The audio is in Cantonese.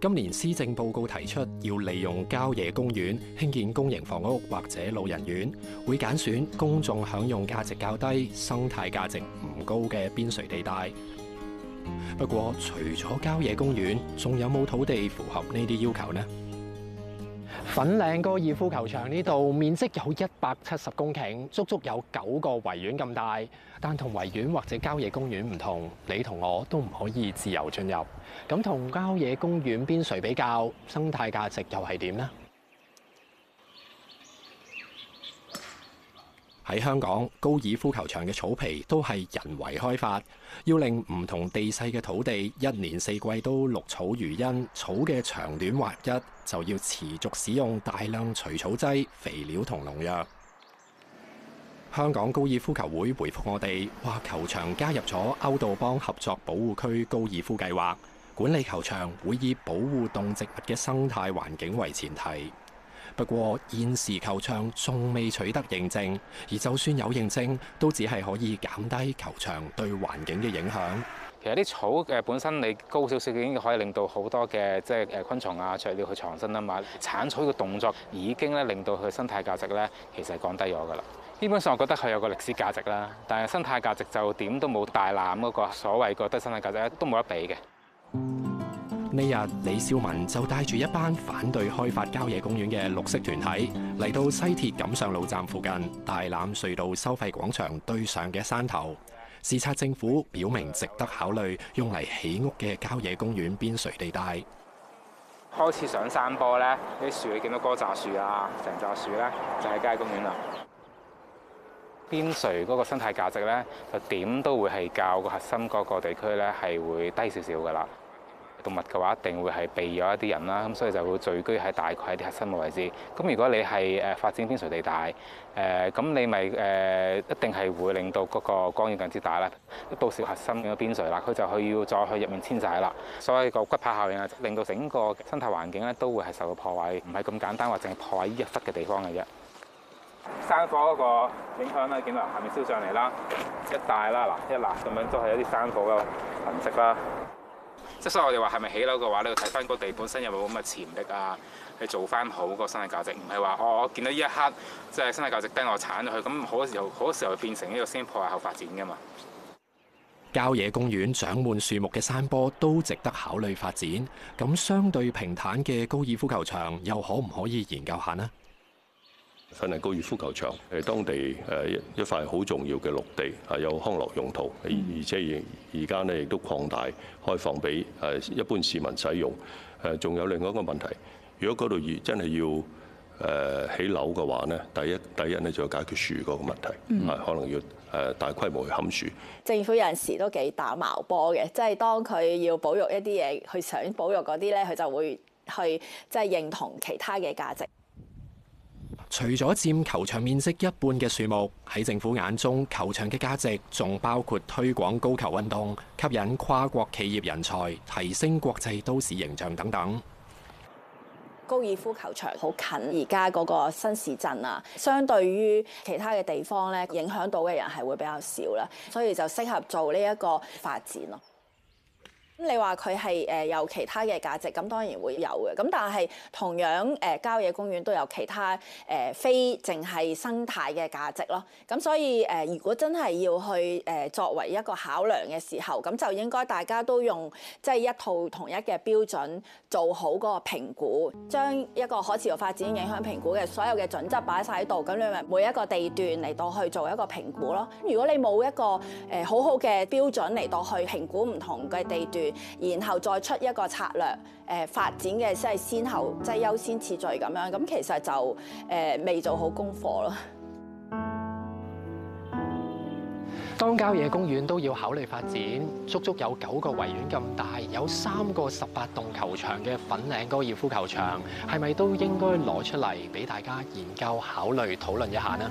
今年施政報告提出，要利用郊野公園興建公營房屋或者老人院，會揀選公眾享用價值較低、生態價值唔高嘅邊陲地帶。不過，除咗郊野公園，仲有冇土地符合呢啲要求呢？粉嶺高爾夫球場呢度面積有一百七十公頃，足足有九個維園咁大。但同維園或者郊野公園唔同，你同我都唔可以自由進入。咁同郊野公園邊陲比較，生態價值又係點呢？喺香港，高爾夫球場嘅草皮都係人為開發。要令唔同地勢嘅土地一年四季都綠草如茵，草嘅長短劃一，就要持續使用大量除草劑、肥料同農藥。香港高爾夫球會回覆我哋話，球場加入咗歐道邦合作保護區高爾夫計劃，管理球場會以保護動植物嘅生態環境為前提。不過現時球場仲未取得認證，而就算有認證，都只係可以減低球場對環境嘅影響。其實啲草嘅本身你高少少已經可以令到好多嘅即係誒昆蟲啊、雀鳥去藏身啊嘛。剷草嘅動作已經咧令到佢生態價值咧其實係降低咗噶啦。基本上我覺得佢有個歷史價值啦，但係生態價值就點都冇大欖嗰個所謂嗰啲生態價值都冇得比嘅。呢日，李少文就帶住一班反對開發郊野公園嘅綠色團體嚟到西鐵錦上路站附近大欖隧道收費廣場對上嘅山頭視察，政府表明值得考慮用嚟起屋嘅郊野公園邊陲地帶。開始上山坡，呢啲樹你見到哥雜樹啊，成雜樹呢，就喺街公園啦。邊陲嗰個生態價值呢，就點都會係較個核心嗰個地區呢，係會低少少噶啦。動物嘅話，一定會係避咗一啲人啦，咁所以就會聚居喺大概喺啲核心嘅位置。咁如果你係誒發展邊陲地帶，誒咁你咪誒一定係會令到嗰個光影更之大啦。到時核心變咗邊陲啦，佢就去要再去入面遷徙啦。所以個骨牌效應啊，令到整個生態環境咧都會係受到破壞，唔係咁簡單話淨係破壞一忽嘅地方嘅啫。山火嗰個影響咧，見到下面燒上嚟啦，一帶啦嗱，一粒咁樣都係一啲山火嘅痕跡啦。即所以我哋話係咪起樓嘅話呢，要睇翻個地本身有冇咁嘅潛力啊，去做翻好個生態價值，唔係話哦，我見到呢一刻即係生態價值低，我鏟咗佢，咁好多時候好多時候變成一個先破壞後發展㗎嘛。郊野公園長滿樹木嘅山坡都值得考慮發展，咁相對平坦嘅高爾夫球場又可唔可以研究下呢？粉嶺高爾夫球場係當地誒一塊好重要嘅綠地，係有康樂用途，而且而家咧亦都擴大開放俾誒一般市民使用。誒仲有另外一個問題，如果嗰度要真係要誒起樓嘅話咧，第一第一咧就要解決樹嗰個問題、嗯，可能要誒大規模去砍樹。政府有陣時都幾打茅波嘅，即係當佢要保育一啲嘢，去想保育嗰啲咧，佢就會去即係認同其他嘅價值。除咗佔球場面積一半嘅樹木，喺政府眼中，球場嘅價值仲包括推廣高球運動、吸引跨國企業人才、提升國際都市形象等等。高爾夫球場好近，而家嗰個新市鎮呀，相對於其他嘅地方呢，影響到嘅人係會比較少喇，所以就適合做呢一個發展囉。咁你話佢係誒有其他嘅價值，咁當然會有嘅。咁但係同樣誒郊野公園都有其他誒、呃、非淨係生態嘅價值咯。咁所以誒、呃、如果真係要去誒、呃、作為一個考量嘅時候，咁就應該大家都用即係、就是、一套同一嘅標準做好個評估，將一個可持續發展影響評估嘅所有嘅準則擺晒喺度，咁你咪每一個地段嚟到去做一個評估咯。如果你冇一個誒好好嘅標準嚟到去評估唔同嘅地段。然後再出一個策略，誒、呃、發展嘅，即係先後，即係優先次序咁樣，咁其實就誒未、呃、做好功課咯。當郊野公園都要考慮發展，足足有九個維園咁大，有三個十八洞球場嘅粉嶺高爾夫球場，係咪都應該攞出嚟俾大家研究、考慮、討論一下呢？